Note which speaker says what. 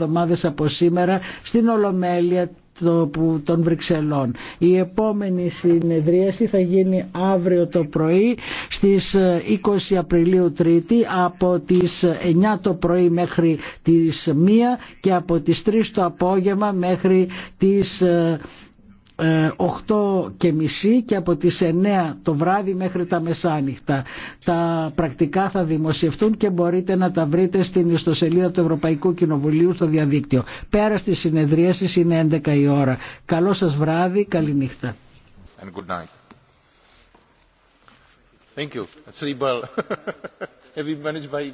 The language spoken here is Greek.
Speaker 1: εβδομάδες από σήμερα στην Ολομέλεια των Βρυξελών. Η επόμενη συνεδρίαση θα γίνει αύριο το πρωί στις 20 ε, Απριλίου Τρίτη από τις 9 το πρωί μέχρι τις 1 και από τις 3 το απόγευμα μέχρι τις ε, 8 και μισή και από τις 9 το βράδυ μέχρι τα μεσάνυχτα. Τα πρακτικά θα δημοσιευτούν και μπορείτε να τα βρείτε στην ιστοσελίδα του Ευρωπαϊκού Κοινοβουλίου στο διαδίκτυο. Πέρα στις συνεδρίαση είναι 11 η ώρα. Καλό σας βράδυ, καλή νύχτα.